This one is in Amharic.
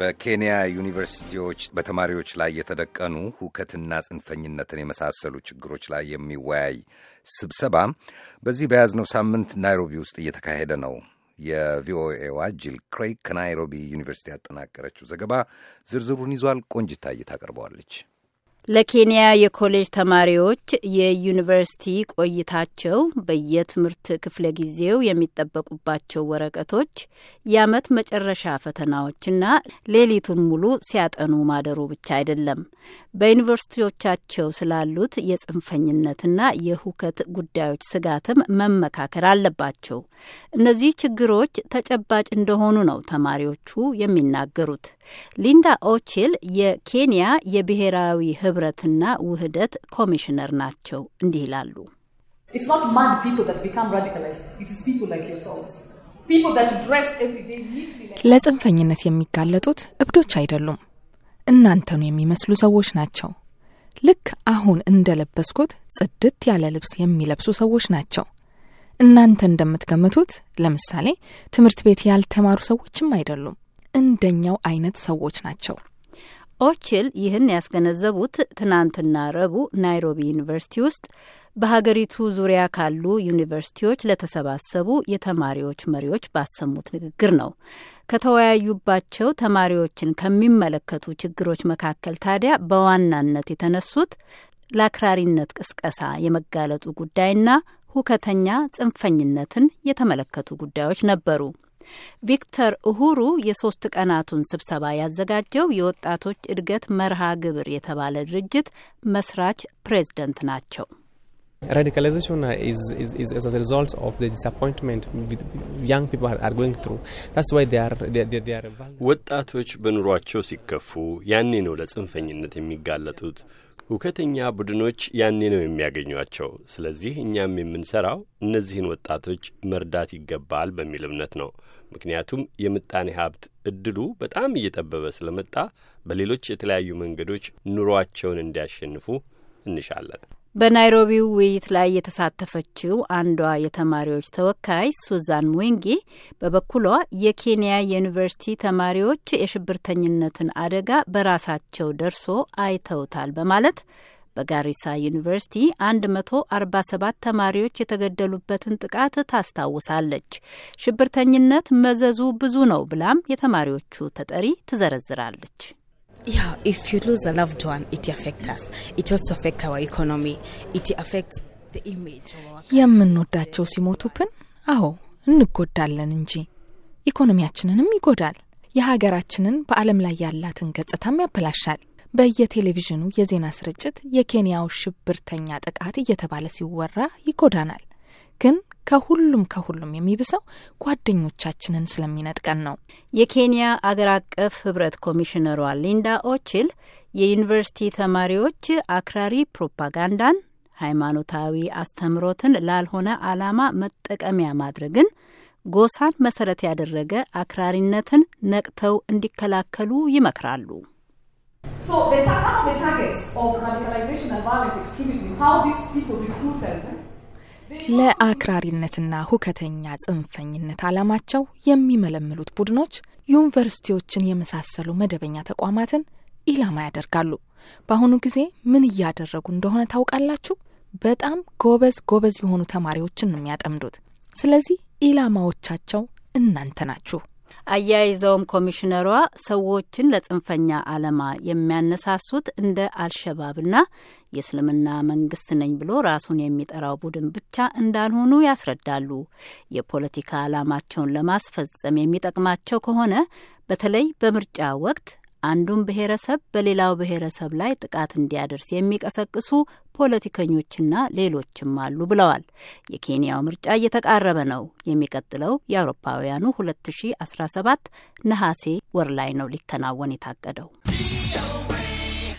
በኬንያ ዩኒቨርሲቲዎች በተማሪዎች ላይ የተደቀኑ ሁከትና ጽንፈኝነትን የመሳሰሉ ችግሮች ላይ የሚወያይ ስብሰባ በዚህ በያዝነው ሳምንት ናይሮቢ ውስጥ እየተካሄደ ነው። የቪኦኤዋ ጂል ክሬግ ከናይሮቢ ዩኒቨርሲቲ ያጠናቀረችው ዘገባ ዝርዝሩን ይዟል። ቆንጅታ እየታቀርበዋለች። ለኬንያ የኮሌጅ ተማሪዎች የዩኒቨርሲቲ ቆይታቸው በየትምህርት ክፍለ ጊዜው የሚጠበቁባቸው ወረቀቶች፣ የዓመት መጨረሻ ፈተናዎችና ሌሊቱን ሙሉ ሲያጠኑ ማደሩ ብቻ አይደለም። በዩኒቨርሲቲዎቻቸው ስላሉት የጽንፈኝነትና የሁከት ጉዳዮች ስጋትም መመካከር አለባቸው። እነዚህ ችግሮች ተጨባጭ እንደሆኑ ነው ተማሪዎቹ የሚናገሩት። ሊንዳ ኦችል የኬንያ የብሔራዊ ህብረትና ውህደት ኮሚሽነር ናቸው። እንዲህ ይላሉ። ለጽንፈኝነት የሚጋለጡት እብዶች አይደሉም፣ እናንተኑ የሚመስሉ ሰዎች ናቸው። ልክ አሁን እንደለበስኩት ጽድት ያለ ልብስ የሚለብሱ ሰዎች ናቸው። እናንተ እንደምትገምቱት ለምሳሌ ትምህርት ቤት ያልተማሩ ሰዎችም አይደሉም። እንደኛው አይነት ሰዎች ናቸው። ኦችል ይህን ያስገነዘቡት ትናንትና ረቡዕ ናይሮቢ ዩኒቨርሲቲ ውስጥ በሀገሪቱ ዙሪያ ካሉ ዩኒቨርሲቲዎች ለተሰባሰቡ የተማሪዎች መሪዎች ባሰሙት ንግግር ነው። ከተወያዩባቸው ተማሪዎችን ከሚመለከቱ ችግሮች መካከል ታዲያ በዋናነት የተነሱት ለአክራሪነት ቅስቀሳ የመጋለጡ ጉዳይና ሁከተኛ ጽንፈኝነትን የተመለከቱ ጉዳዮች ነበሩ። ቪክተር እሁሩ የሶስት ቀናቱን ስብሰባ ያዘጋጀው የወጣቶች እድገት መርሃ ግብር የተባለ ድርጅት መስራች ፕሬዝደንት ናቸው። ወጣቶች በኑሯቸው ሲከፉ ያኔ ነው ለጽንፈኝነት የሚጋለጡት። እውከተኛ ቡድኖች ያኔ ነው የሚያገኟቸው። ስለዚህ እኛም የምንሰራው እነዚህን ወጣቶች መርዳት ይገባል በሚል እምነት ነው። ምክንያቱም የምጣኔ ሀብት እድሉ በጣም እየጠበበ ስለመጣ በሌሎች የተለያዩ መንገዶች ኑሯቸውን እንዲያሸንፉ እንሻለን። በናይሮቢው ውይይት ላይ የተሳተፈችው አንዷ የተማሪዎች ተወካይ ሱዛን ሙንጊ በበኩሏ የኬንያ ዩኒቨርሲቲ ተማሪዎች የሽብርተኝነትን አደጋ በራሳቸው ደርሶ አይተውታል በማለት በጋሪሳ ዩኒቨርሲቲ 147 ተማሪዎች የተገደሉበትን ጥቃት ታስታውሳለች። ሽብርተኝነት መዘዙ ብዙ ነው ብላም የተማሪዎቹ ተጠሪ ትዘረዝራለች። Yeah, if you lose a loved one, it affects us. It also affects our economy. It affects the image of our የምንወዳቸው ሲሞቱብን፣ አዎ እንጎዳለን እንጂ ኢኮኖሚያችንንም ይጎዳል። የሀገራችንን በዓለም ላይ ያላትን ገጽታም ያበላሻል። በየቴሌቪዥኑ የዜና ስርጭት የኬንያው ሽብርተኛ ጥቃት እየተባለ ሲወራ ይጎዳናል። ግን ከሁሉም ከሁሉም የሚብሰው ጓደኞቻችንን ስለሚነጥቀን ነው። የኬንያ አገር አቀፍ ህብረት ኮሚሽነሯ ሊንዳ ኦችል የዩኒቨርሲቲ ተማሪዎች አክራሪ ፕሮፓጋንዳን፣ ሃይማኖታዊ አስተምሮትን ላልሆነ ዓላማ መጠቀሚያ ማድረግን፣ ጎሳን መሰረት ያደረገ አክራሪነትን ነቅተው እንዲከላከሉ ይመክራሉ። So the, the targets of radicalization and extremism, how these people recruiters ለአክራሪነትና ሁከተኛ ጽንፈኝነት አላማቸው የሚመለምሉት ቡድኖች ዩኒቨርሲቲዎችን የመሳሰሉ መደበኛ ተቋማትን ኢላማ ያደርጋሉ። በአሁኑ ጊዜ ምን እያደረጉ እንደሆነ ታውቃላችሁ? በጣም ጎበዝ ጎበዝ የሆኑ ተማሪዎችን ነው የሚያጠምዱት። ስለዚህ ኢላማዎቻቸው እናንተ ናችሁ። አያይዘውም ኮሚሽነሯ ሰዎችን ለጽንፈኛ ዓላማ የሚያነሳሱት እንደ አልሸባብና የእስልምና መንግስት ነኝ ብሎ ራሱን የሚጠራው ቡድን ብቻ እንዳልሆኑ ያስረዳሉ። የፖለቲካ ዓላማቸውን ለማስፈጸም የሚጠቅማቸው ከሆነ በተለይ በምርጫ ወቅት አንዱን ብሔረሰብ በሌላው ብሔረሰብ ላይ ጥቃት እንዲያደርስ የሚቀሰቅሱ ፖለቲከኞችና ሌሎችም አሉ ብለዋል። የኬንያው ምርጫ እየተቃረበ ነው። የሚቀጥለው የአውሮፓውያኑ 2017 ነሐሴ ወር ላይ ነው ሊከናወን የታቀደው።